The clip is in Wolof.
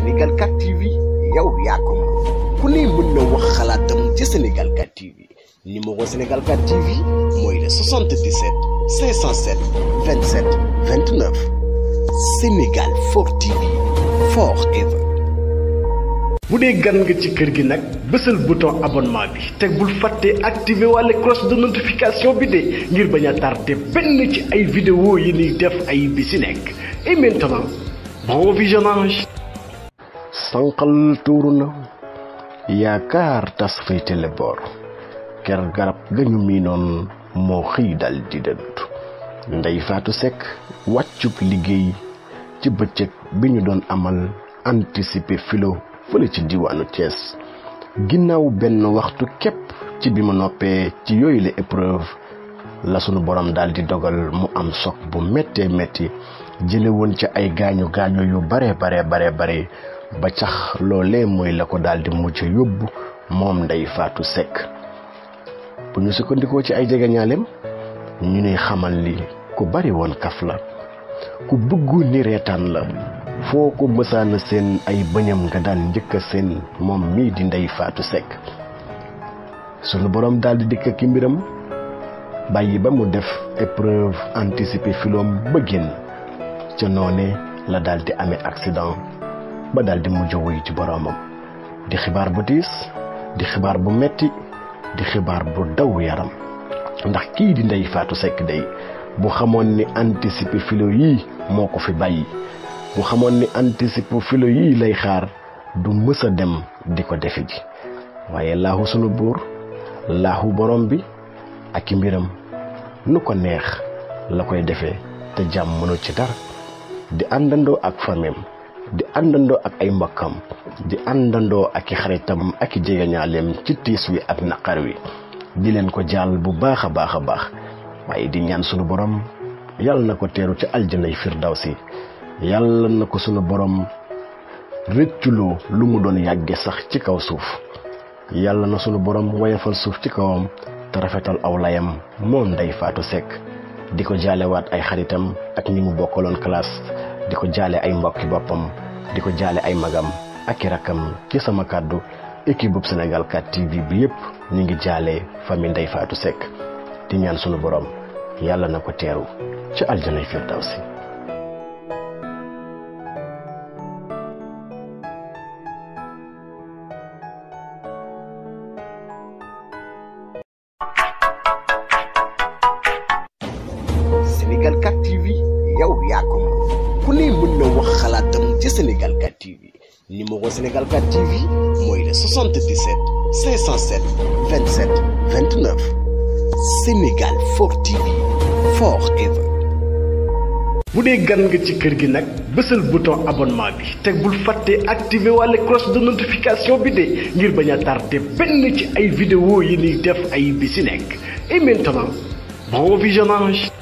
Sénégal 4 TV yow yaa ko ku ne mën na wax xalaatam ci Sénégal 4 TV numéro Sénégal 4 TV moy le 77 507 27 29 Sénégal 4 TV forever. Vous dee gan nga ci kër gi nag le bouton abonnement bi teg bul fàtte activer walla cloche de notification bi de ngir baña a tardé ci ay vidéo yi ni def ay bi nek. et maintenant bon visionnage sanqal tuuru na yaakaar tas féete le boor ker garab gañu miinoon moo xëy daldi di dëdd ndey faatu sekk wàccub liggéey ci bëccëg bi ñu doon amal anticiper filo fële ci diwaanu Thiès ginnaaw benn waxtu képp ci bi mu noppee ci yooyu la épreuve la sunu borom daldi dogal mu am soog bu méttee metti jële woon ci ay gaañu gaañu yu bare bare bare bare ba tax loolee mooy la ko daal di mujj yóbbu moom Ndeye Fatou Seck bu ñu sukkandikoo ci ay jegeñaaleem ñu nuy xamal li ku bari woon kaf la ku bëggu ni reetaan la foo ko mësaana seen ay bëñam nga daan njëkk a seen moom mii di Ndeye Fatou Seck sunu borom daal di dikk ki mbiram bàyyi ba mu def épreuve anticipée filoom ba génn ca noone la daal di amee accident ba daal di mujj wuy ci boromam di xibar bu dis di xibar bu metti di xibar bu daw yaram ndax ki di ndey faatu sek day bu xamone ni anticipe filo yi moko fi bàyyi bu xamone ni anticipe filo yi lay xaar du mës dem diko defi ji waye laahu sunu bur laahu borom bi ak mbiram nu ko neex la koy defé te jam mënu ci dar di andando ak famem di àndandoo ak ay mbokkam di àndandoo ak i xaritam ak i jegeñaaleem ci tiis wi ak naqar wi di leen ko jàll bu baax a baax a baax waaye di ñaan sunu borom yàlla na ko teeru ci aljanay firdawsi yàlla na ko sunu boroom rëcculoo lu mu doon yàgge sax ci kaw suuf yàlla na sunu borom woyafal suuf ci kawam te rafetal aw layam moom Ndeye Fatou Seck di ko jaalewaat ay xaritam ak ñi mu bokkaloon classe. di ko jaale ay mbokki boppam di ko jaale ay magam ak i rakkam ci sama kàddu équipe bu Sénégal 4 TV bi yëpp ñu ngi jaale famille Ndeye Fatou Seck di ñaan sunu borom yàlla na ko teeru ci aljanay firdawsi numéro Sénégal 4 TV il 77 507 27 29 Sénégal 4 TV forever. bu vous gan nga ci kër gi nag le bouton abonnement bi teg de activé la cloche de notification bi ngir vidéo et maintenant bon visionnage.